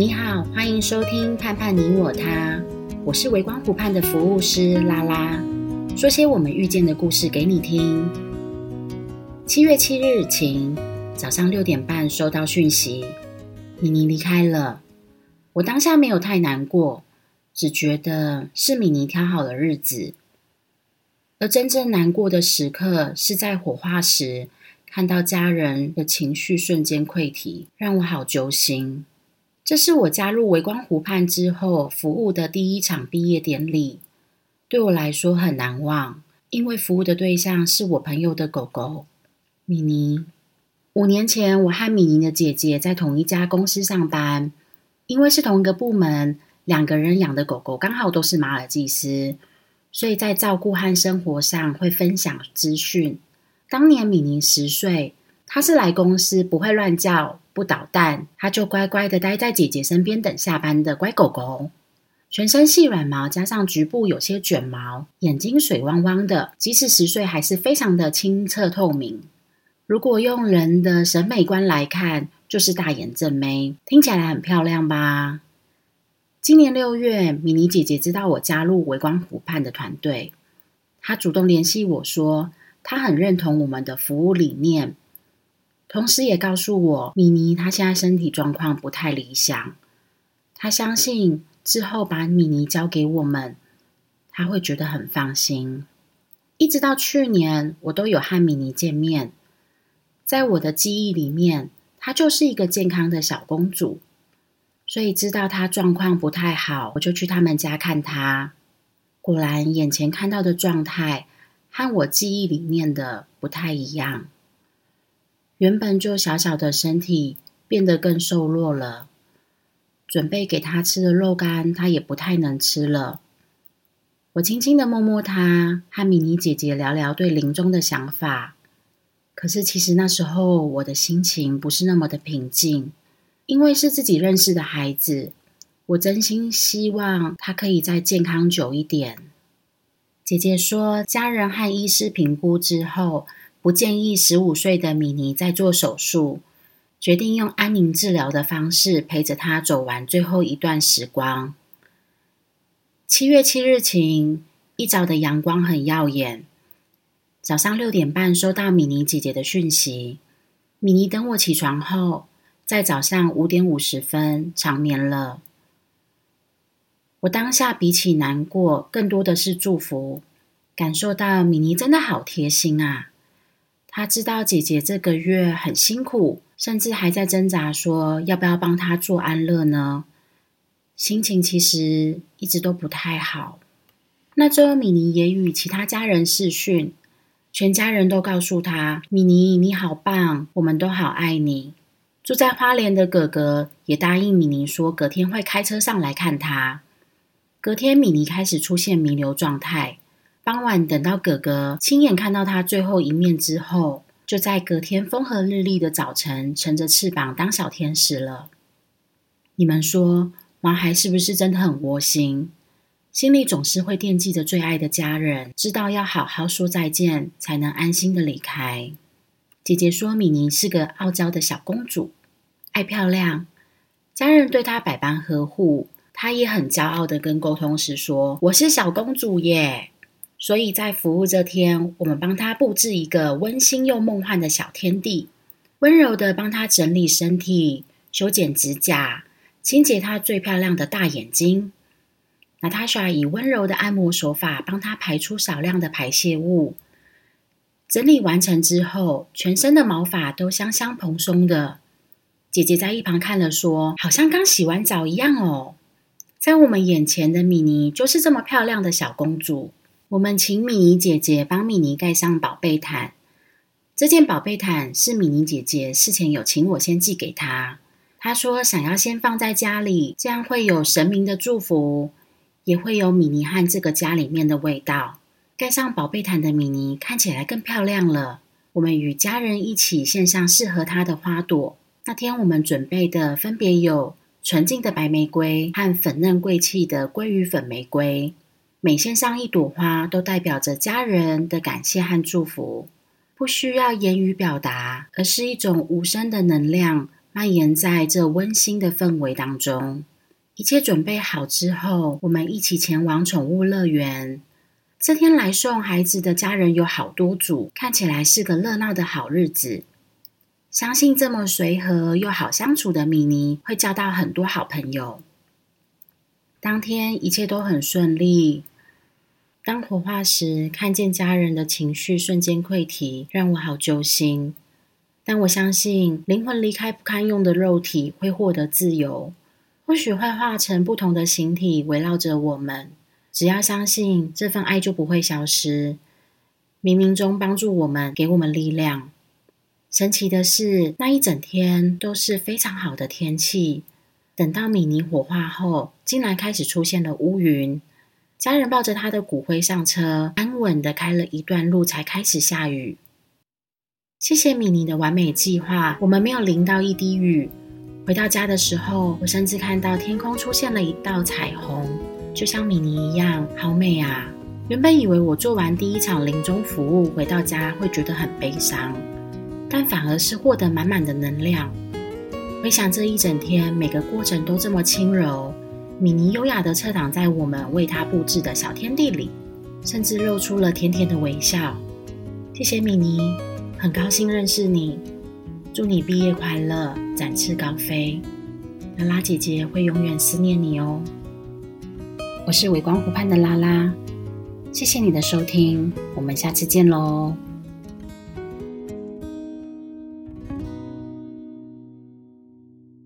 你好，歡迎收聽《盼盼你我他》，我是微光湖盼的服務師拉拉，說些我們遇見的故事給你聽。七月七日晴，早上六點半收到訊息，咪尼離開了。我當下沒有太難過，只覺得是咪尼挑好了日子。而真正難過的時刻是在火化時，看到家人的情緒瞬間潰堤，讓我好揪心。這是我加入微光湖盼之後服務的第一場畢業典禮，對我來說很難忘，因為服務的對象是我朋友的狗狗咪尼。五年前，我和咪尼的姐姐在同一家公司上班，因為是同一個部門，兩個人養的狗狗剛好都是馬爾濟斯，所以在照顧和生活上會分享資訊。當年咪尼十歲。他是來公司不會亂叫、不搗蛋，他就乖乖的待在姐姐身邊等下班的乖狗狗。全身細軟毛，加上局部有些捲毛，眼睛水汪汪的，即使十歲還是非常的清澈透明。如果用人的審美觀來看，就是大眼正妹，聽起來很漂亮吧？今年六月，咪尼姐姐知道我加入微光湖盼的團隊，她主動聯繫我說，她很認同我們的服務理念。同時也告訴我，咪尼她現在身體狀況不太理想。她相信之後把咪尼交給我們，她會覺得很放心。一直到去年，我都有和咪尼見面。在我的記憶裡面，她就是一個健康的小公主。所以知道她狀況不太好，我就去他們家看她。果然，眼前看到的狀態和我記憶裡面的不太一樣。原本就小小的身體變得更瘦弱了，準備給他吃的肉乾，他也不太能吃了。我輕輕的摸摸他，和咪尼姐姐聊聊對臨終的想法。可是其實那時候我的心情不是那麼的平靜，因為是自己認識的孩子，我真心希望他可以再健康久一點。姐姐說，家人和醫師評估之後，不建議十五歲的咪尼再做手術，決定用安寧治療的方式陪着她走完最後一段時光。七月七日晴，一早的陽光很耀眼。早上六點半收到咪尼姐姐的訊息，咪尼等我起床後，在早上五點五十分長眠了。我當下比起難過，更多的是祝福，感受到咪尼真的好貼心啊。他知道姐姐這個月很辛苦，甚至還在掙扎說，說要不要幫她做安樂呢？心情其實一直都不太好。那周咪尼也與其他家人視訊，全家人都告訴她：“咪尼你好棒，我們都好愛你。”住在花蓮的哥哥也答應咪尼說，隔天會開車上來看他。隔天，咪尼開始出現彌留狀態。傍晚等到哥哥親眼看到他最後一面之後，就在隔天風和日麗的早晨，乘着翅膀當小天使了。你們說，毛孩是不是真的很窩心？心裡總是會惦記着最愛的家人，知道要好好說再見，才能安心的離開。姐姐說，咪尼是個傲嬌的小公主，愛漂亮，家人對她百般呵護，她也很驕傲的跟溝通師說：“我是小公主耶。”所以在服務這天，我們幫他布置一個溫馨又夢幻的小天地，溫柔地幫他整理身體、修剪指甲、清潔他最漂亮的大眼睛。Natasha 以溫柔的按摩手法幫他排出少量的排泄物。整理完成之後，全身的毛髮都香香蓬鬆的。姐姐在一旁看了說：“好像剛洗完澡一樣哦。”在我們眼前的咪尼就是這麼漂亮的小公主。我們請咪尼姐姐幫咪尼蓋上寶貝毯。這件寶貝毯是咪尼姐姐事前有請我先寄給她，她說想要先放在家裡，這樣會有神明的祝福，也會有咪尼和這個家裡面的味道。蓋上寶貝毯的咪尼看起來更漂亮了。我們與家人一起獻上適合她的花朵。那天我們準備的分別有純淨的白玫瑰和粉嫩貴氣的鮭魚粉玫瑰。每獻上一朵花，都代表着家人的感謝和祝福，不需要言語表達，而是一種無聲的能量，蔓延在這溫馨的氛圍當中。一切準備好之後，我們一起前往寵物樂園。這天來送孩子的家人有好多組，看起來是個熱鬧的好日子。相信這麼隨和又好相處的咪尼，會交到很多好朋友。當天一切都很順利。當火化時，看見家人的情緒瞬間潰堤，讓我好揪心。但我相信，靈魂離開不堪用的肉體會獲得自由，或許會化成不同的形體圍繞着我們。只要相信這份愛就不會消失，冥冥中幫助我們，給我們力量。神奇的是，那一整天都是非常好的天氣。等到咪尼火化後，竟然開始出現了烏雲。家人抱着她的骨灰上車，安穩地開了一段路，才開始下雨。謝謝咪尼的完美計劃，我們沒有淋到一滴雨。回到家的時候，我甚至看到天空出現了一道彩虹，就像咪尼一樣，好美啊！原本以為我做完第一場臨終服務回到家會覺得很悲傷，但反而是獲得滿滿的能量。回想這一整天，每個過程都這麼輕柔。咪尼優雅地側躺，在我們為她佈置的小天地裡，甚至露出了甜甜的微笑。謝謝咪尼，很高興認識你。祝你畢業快樂，展翅高飛。拉拉姐姐會永遠思念你哦。我是微光湖盼的拉拉，謝謝你的收聽，我們下次見嘍。